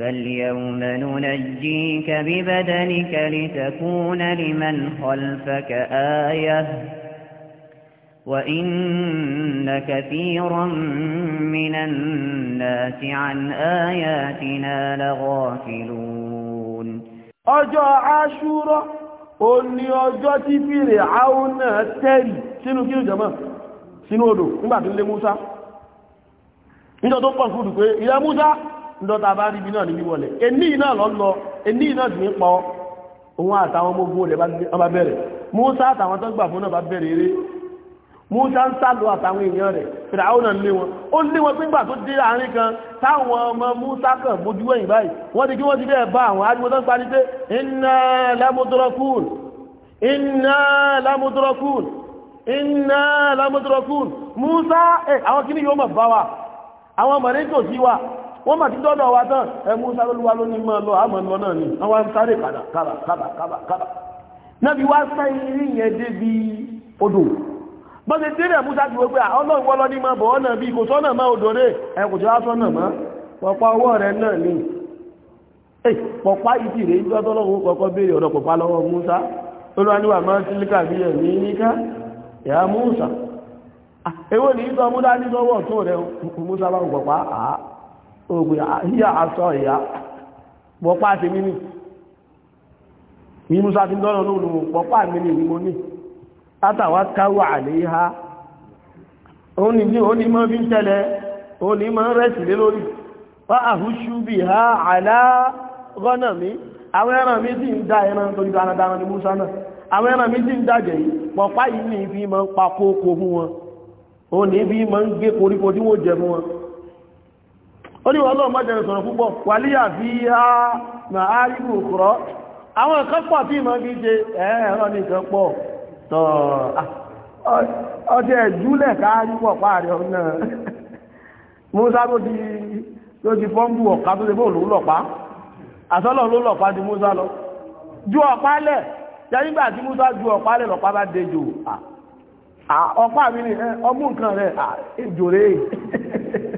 فاليوم ننجيك ببدنك لتكون لمن خلفك آية وإن كثيرا من الناس عن آياتنا لغافلون أجا عاشورا أني أجا تفيري عون التالي سنو كيلو جماعة سنو أدو نبعد موسى إذا تقول فودك يا موسى ńdọ́ta bá rí ibi náà ní wíwọlé ẹni náà lọ lọ ẹni náà sì ń pọ òun àtàwọn ọmọ ogun rẹ̀ bá bẹ̀rẹ̀ Musa àtàwọn tó gbà fún náà bá bẹ̀rẹ̀ eré Musa ń sálọ àtàwọn èèyàn rẹ̀ fìràwọ́ náà lé wọn ó lé wọn pín gbà tó dé àárín kan táwọn ọmọ Musa kan bójú ẹ̀yìn báyìí wọ́n ti kí wọ́n ti bẹ́ẹ̀ bá àwọn ariwo tó ń parí pé iná lámúdọ́rọ́kùn iná lámúdọ́rọ́kùn iná lámúdọ́rọ́kùn Musa àwọn kíní yóò mọ̀ bá wa àwọn wọ́n mà ti dọ́dọ̀ wa tán ẹmú sárólúwa ló ní máa lọ àmọ́ náà ni wọ́n wá ń sáré kàdà kàdà wá irí yẹn bí odò bọ́sẹ̀ tí rẹ̀ musa ti wọ́n pé ní máa bọ̀ bí kò sọ́nà máa odò rẹ̀ tí wá sọ́nà mọ́ pọ̀pá ọwọ́ rẹ̀ náà ni pọ̀pá ìdí rẹ̀ ogbe a àṣọ ìyá pọ̀pá ti mí nì musa ti dọ́nà lóòrùn pọ̀pá mi nì mo ní látàwà káwà ha ó ní mọ́ bí ń tẹ́lẹ̀ ó rẹ̀sì ha ala gọ́nà mi ẹran mi ti ń ẹran ní musa náà ẹran mi ti ń dàjẹ̀ pa kókó wọn ní ibi ń ó ní ọlọ́run mọ́jẹ̀rẹ̀ sọ̀rọ̀ púpọ̀ wàlíyà fi ha ma a rí bù kúrọ́ àwọn ẹ̀kọ́ tí ìmọ̀ fi ṣe ẹ̀ẹ̀rọ nìkan pọ̀ tọ́ ọdẹ ẹ̀júlẹ̀ káàrí pọ̀ páàrí ọ̀hún náà Musa bó mi ọmú nǹkan rẹ̀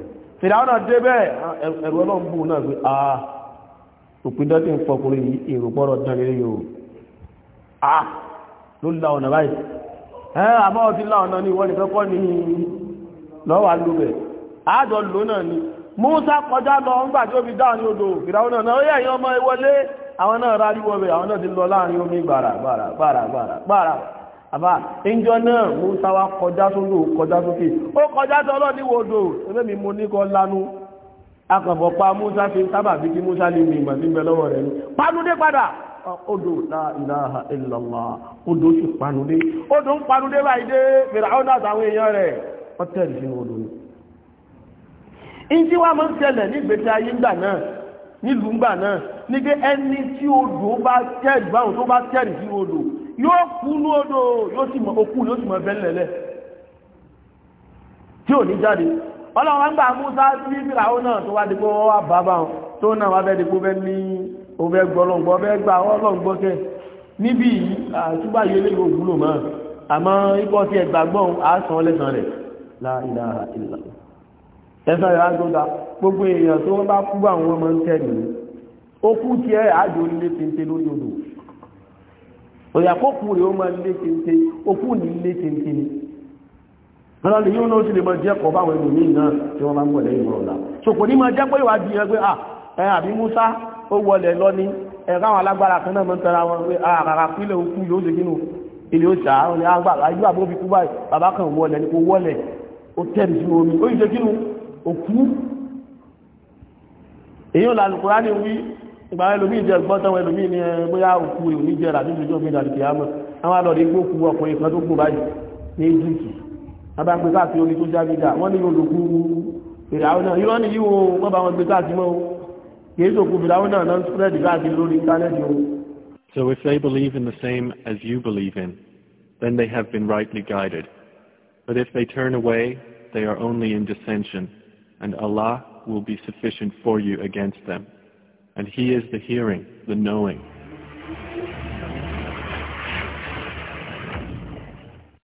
fìdáwọ́nà débẹ̀ ẹ̀rù ọlọ́mbù náà fi a ah, òpindọ́ tí ń fọkùnrin yìí èrò gbọ́rọ̀ dánilé yóò a ah, ló la ọ̀nà báyìí ẹ́ àmọ́ ọdí la ọ̀nà ní ìwọ́n ìfẹ́kọ́ ní lọ́wà lóbẹ̀ àjọ lò náà ni Musa kọjá lọ ńgbà tí ó fi dáa ní odò fìdáwọ́nà náà ó yẹ ẹ̀yìn ọmọ ìwọlé àwọn náà ráríwọ̀ bẹ̀ àwọn náà ti lọ láàrin omi gbàrà gbàrà gbàrà gbàrà àbá ìjọ náà Mùsá wá kọjá sódò kọjá sókè ó kọjá sọ́lọ́ ní wòdò ẹgbẹ́ mi mo ní kọ lanu akọ̀bọ̀ pa Mùsá fi sábà bí kí Mùsá lè mi ìgbà tí lọ́wọ́ rẹ̀ ní panudé padà odò la ilaha illallah odò sì panudé odò ń panudé báyìí dé àtàwọn èèyàn rẹ̀ ọtẹ́rì wa máa ń ṣẹlẹ̀ ní ìgbésí ayé ńgbà náà nílùú ńgbà náà ní pé ẹni tí odò bá tẹ̀rì báwọn tó bá tẹ̀rì sí yóò kú ní odò yóò sì mọ okú yóò sì mọ bẹ́ẹ̀ lẹ́lẹ̀ tí ò ní jáde ọlọ́run ń gbà Mùsá sí ìfìràwó náà tó wá dìgbò wọ́n wá bàbá wọn tó náà wá bẹ́ẹ̀ dìgbò bẹ́ẹ̀ ní òbẹ́ gbọ́lọ́gbọ́ bẹ́ẹ̀ gbà ọlọ́gbọ́ kẹ́ níbi àtúbà yẹlé yóò wúlò mọ́ àmọ́ ikọ́ sí ẹgbàgbọ́n àásán lẹ́sàn rẹ̀ láìláà ìlànà ẹ̀sọ́ ìrágbóta gbogbo èèyàn tó wọ́n bá kú àwọn ọmọ ń tẹ́lẹ̀ ó tí ẹ̀ àjò nílé péńté lórí odò òyà kó kú rẹ̀ ó máa lé tente okú ní lé tente ni lọ́la lè yíò náà sì lè máa jẹ́ kọ̀ọ̀bá àwọn ènìyàn náà tí wọ́n bá ń wọ̀lẹ̀ ìwọ̀n ọ̀la so kò ní máa jẹ́ pé ìwà bí ẹgbẹ́ ah, ẹ àbí Musa ó wọlẹ̀ lọ ní ẹ̀rọ àwọn alágbára kan náà máa ń tara wọn pé àràrà ah, pílẹ̀ okú yóò ṣe kínú ilé ó ṣá ó ní agbára ah, ayé àbó fi kú báyìí bàbá kan wọlẹ̀ ní kò wọlẹ̀ ó tẹ̀lé sí omi ó yìí ṣe kínú òkú èyí ò lálùkùrá ní ìgbà gbọ́tọ̀wọ̀ eh, ní ẹgbóyá òkú ní ìjọ àwọn ọkùnrin kan tó kú báyìí ní tó já gíga wọ́n ní olùkú So if they believe in the same as you believe in, then they have been rightly guided. But if they turn away, they are only in dissension, and Allah will be sufficient for you against them and He is the hearing, the knowing.